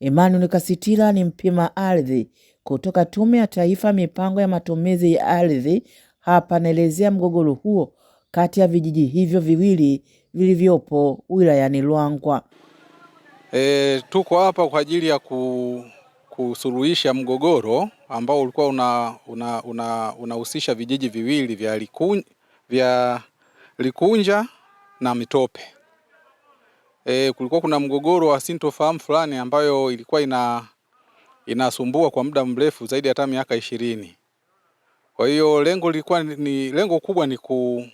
Emmanuel Kasitila ni mpima ardhi kutoka Tume ya Taifa Mipango ya Matumizi ya Ardhi hapa anaelezea mgogoro huo kati ya vijiji hivyo viwili vilivyopo wilayani lwangwa E, tuko hapa kwa ajili ya ku, kusuluhisha mgogoro ambao ulikuwa unahusisha una, una, una vijiji viwili vya Likunja, vya Likunja na Mitope e, kulikuwa kuna mgogoro wa sintofahamu fulani ambayo ilikuwa ina inasumbua kwa muda mrefu zaidi hata miaka ishirini. Kwa hiyo lengo lilikuwa ni lengo kubwa ni, ku,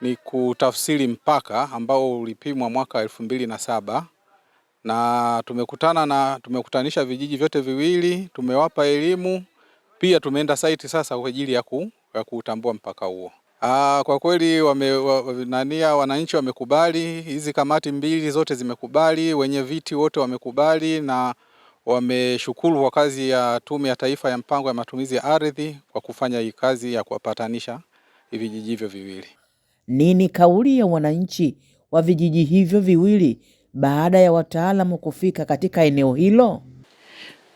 ni kutafsiri mpaka ambao ulipimwa mwaka elfu mbili na saba na tumekutana na tumekutanisha vijiji vyote viwili, tumewapa elimu pia, tumeenda saiti sasa kwa ajili ya kuutambua mpaka huo. Aa, ah, kwa kweli wame, wa, nania wananchi wamekubali, hizi kamati mbili zote zimekubali, wenye viti wote wamekubali na wameshukuru kwa kazi ya Tume ya Taifa ya Mpango ya Matumizi ya Ardhi kwa kufanya hii kazi ya kuwapatanisha vijiji hivyo viwili. Nini kauli ya wananchi wa vijiji hivyo viwili baada ya wataalamu kufika katika eneo hilo?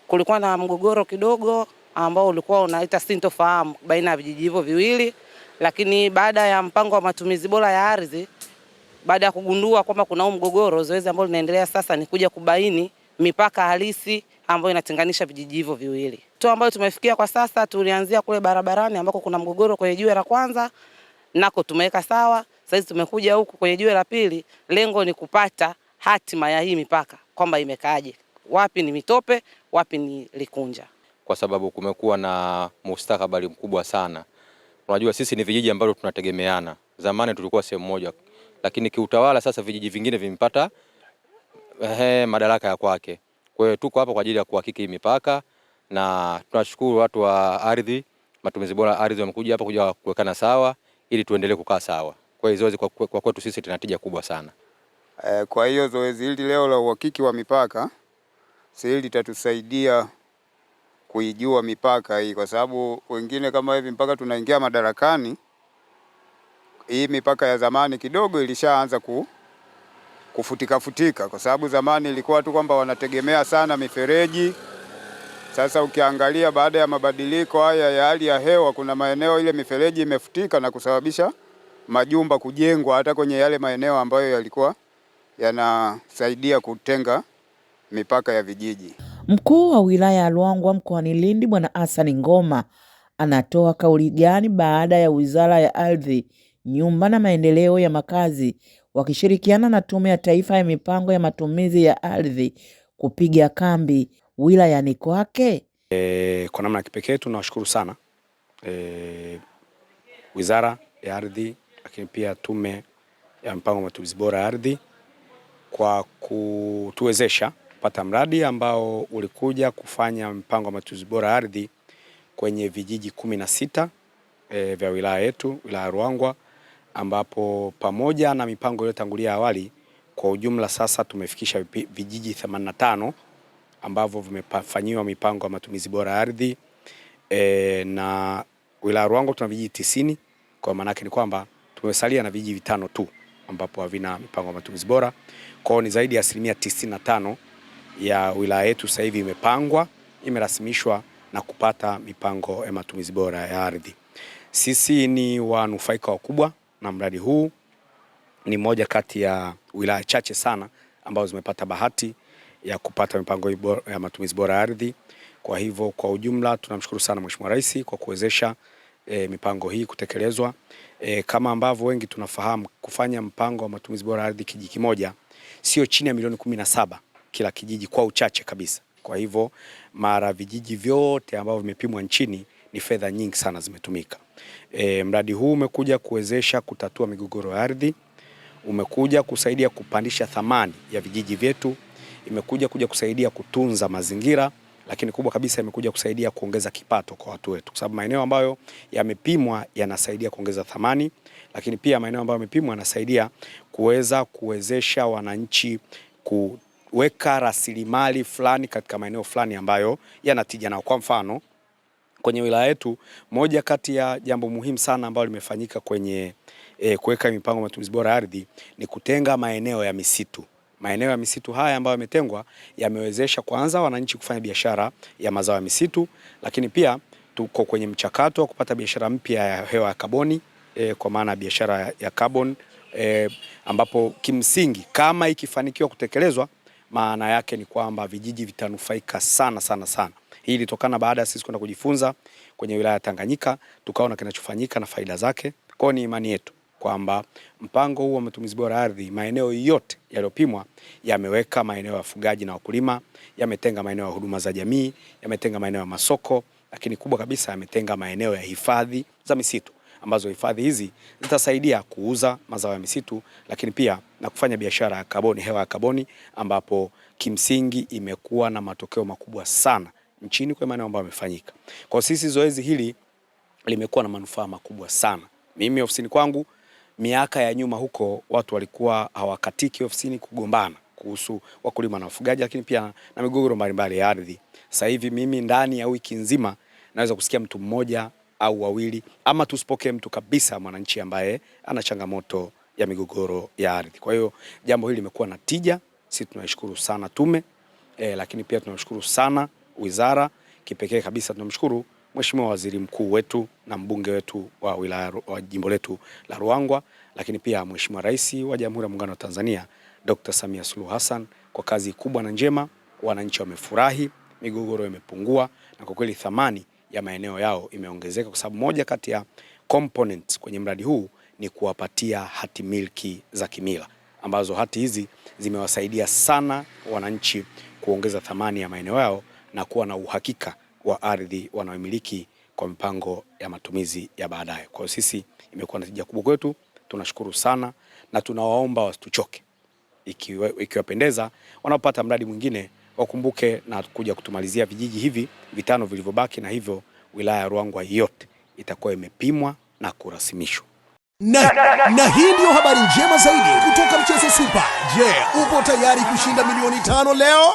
Kulikuwa na mgogoro kidogo ambao ulikuwa unaita sintofahamu baina ya vijiji hivyo viwili lakini baada ya mpango wa matumizi bora ya ardhi, baada ya kugundua kwamba kuna huu mgogoro, zoezi ambalo linaendelea sasa ni kuja kubaini mipaka halisi ambayo inatenganisha vijiji hivyo viwili. Tu ambayo tumefikia kwa sasa, tulianzia kule barabarani ambako kuna mgogoro kwenye jiwe la kwanza, nako tumeweka sawa. Sasa tumekuja huku kwenye jiwe la pili, lengo ni kupata hatima ya hii mipaka kwamba imekaaje, wapi ni mitope, wapi ni likunja, kwa sababu kumekuwa na mustakabali mkubwa sana Unajua sisi ni vijiji ambavyo tunategemeana. Zamani tulikuwa sehemu moja, lakini kiutawala sasa vijiji vingine vimepata ehe, madaraka ya kwake. Kwa hiyo tuko hapa kwa ajili ya kuhakiki mipaka, na tunashukuru watu wa ardhi, matumizi bora ardhi, wamekuja hapa kuja kuwekana sawa ili tuendelee kukaa sawa. Kwa hiyo zoezi kwa kwetu kwa sisi lina tija kubwa sana. Eh, kwa hiyo zoezi hili leo la uhakiki wa mipaka sisi litatusaidia kuijua mipaka hii, kwa sababu wengine kama hivi mpaka tunaingia madarakani, hii mipaka ya zamani kidogo ilishaanza ku kufutika futika, kwa sababu zamani ilikuwa tu kwamba wanategemea sana mifereji. Sasa ukiangalia baada ya mabadiliko haya ya hali ya hewa, kuna maeneo ile mifereji imefutika na kusababisha majumba kujengwa hata kwenye yale maeneo ambayo yalikuwa yanasaidia kutenga mipaka ya vijiji. Mkuu wa wilaya ya Ruangwa mkoani Lindi Bwana Hassan Ngoma anatoa kauli gani baada ya Wizara ya Ardhi, Nyumba na Maendeleo ya Makazi wakishirikiana na Tume ya Taifa ya Mipango ya Matumizi ya Ardhi kupiga kambi wilayani kwake? E, kwa namna ya kipekee tunawashukuru sana e, Wizara ya Ardhi lakini pia Tume ya Mipango ya Matumizi Bora ya Ardhi kwa kutuwezesha kupata mradi ambao ulikuja kufanya mpango wa matumizi bora ardhi kwenye vijiji kumi na sita e, vya wilaya yetu wilaya Ruangwa, ambapo pamoja na mipango iliyotangulia awali, kwa ujumla sasa tumefikisha vijiji 85 ambavyo vimefanyiwa mipango ya matumizi bora ardhi e, na wilaya Ruangwa tuna vijiji tisini. Kwa maana yake ni kwamba tumesalia na vijiji vitano tu ambapo havina mipango ya matumizi bora, kwao ni zaidi ya asilimia 95 ya wilaya yetu sasa hivi imepangwa, imerasimishwa na kupata mipango ya matumizi bora ya ardhi. Sisi ni wanufaika wakubwa na mradi huu, ni moja kati ya wilaya chache sana ambazo zimepata bahati ya kupata mipango ya matumizi bora ya ardhi. Kwa hivyo kwa ujumla tunamshukuru sana Mheshimiwa Rais kwa kuwezesha e, mipango hii kutekelezwa. E, kama ambavyo wengi tunafahamu kufanya mpango wa matumizi bora ya ardhi kijiji kimoja sio chini ya milioni kumi na saba kila kijiji kwa uchache kabisa. Kwa hivyo mara vijiji vyote ambavyo vimepimwa nchini ni fedha nyingi sana zimetumika. E, mradi huu umekuja kuwezesha kutatua migogoro ya ardhi, umekuja kusaidia kupandisha thamani ya vijiji vyetu, imekuja kuja kusaidia kutunza mazingira, lakini kubwa kabisa imekuja kusaidia kuongeza kipato kwa watu wetu, kwa sababu maeneo ambayo yamepimwa yanasaidia kuongeza thamani, lakini pia maeneo ambayo yamepimwa yanasaidia kuweza kuwezesha wananchi ku weka rasilimali fulani katika maeneo fulani ambayo yanatija nao. Kwa mfano kwenye wilaya yetu, moja kati ya jambo muhimu sana ambalo limefanyika kwenye e, kuweka mipango ya matumizi bora ya ardhi ni kutenga maeneo ya misitu. Maeneo ya misitu haya ambayo yametengwa yamewezesha kwanza wananchi kufanya biashara ya mazao ya misitu, lakini pia tuko kwenye mchakato wa kupata biashara mpya ya hewa ya kaboni e, kwa maana biashara ya carbon e, eh, ambapo kimsingi kama ikifanikiwa kutekelezwa maana yake ni kwamba vijiji vitanufaika sana sana sana. Hii ilitokana baada ya sisi kwenda kujifunza kwenye wilaya ya Tanganyika, tukaona kinachofanyika na faida zake. Kwa ni imani yetu kwamba mpango huu wa matumizi bora ardhi, maeneo yote yaliyopimwa yameweka maeneo ya wafugaji na wakulima, yametenga maeneo ya huduma za jamii, yametenga maeneo ya masoko, lakini kubwa kabisa yametenga maeneo ya hifadhi za misitu ambazo hifadhi hizi zitasaidia kuuza mazao ya misitu, lakini pia na kufanya biashara ya kaboni, hewa ya kaboni, ambapo kimsingi imekuwa na matokeo makubwa sana nchini kwa maana ambayo yamefanyika. Kwa sisi zoezi hili limekuwa na manufaa makubwa sana. Mimi ofisini kwangu miaka ya nyuma huko watu walikuwa hawakatiki ofisini kugombana kuhusu wakulima na wafugaji, lakini pia na migogoro mbalimbali ya ardhi. Sasa hivi mimi ndani ya wiki nzima naweza kusikia mtu mmoja au wawili, ama tusipokee mtu kabisa mwananchi ambaye ana changamoto ya migogoro ya ardhi. Kwa hiyo jambo hili limekuwa na tija, sisi tunashukuru sana tume e, lakini pia tunamshukuru sana wizara. Kipekee kabisa tunamshukuru Mheshimiwa Waziri Mkuu wetu na mbunge wetu wa wilaya wa jimbo letu la Ruangwa, lakini pia Mheshimiwa Rais wa Jamhuri ya Muungano wa Tanzania Dr. Samia Suluhu Hassan kwa kazi kubwa na njema. Wananchi wamefurahi, migogoro imepungua, na kwa kweli thamani ya maeneo yao imeongezeka kwa sababu moja kati ya components kwenye mradi huu ni kuwapatia hati miliki za kimila ambazo hati hizi zimewasaidia sana wananchi kuongeza thamani ya maeneo yao na kuwa na uhakika wa ardhi wanayomiliki kwa mipango ya matumizi ya baadaye. Kwa hiyo sisi, imekuwa na tija kubwa kwetu, tunashukuru sana na tunawaomba wasituchoke, ikiwapendeza wanapata mradi mwingine wakumbuke na kuja kutumalizia vijiji hivi vitano vilivyobaki, na hivyo wilaya ya Ruangwa yote itakuwa imepimwa na kurasimishwa. Na, na hii ndiyo habari njema zaidi kutoka mchezo Super. Je, upo tayari kushinda milioni tano leo?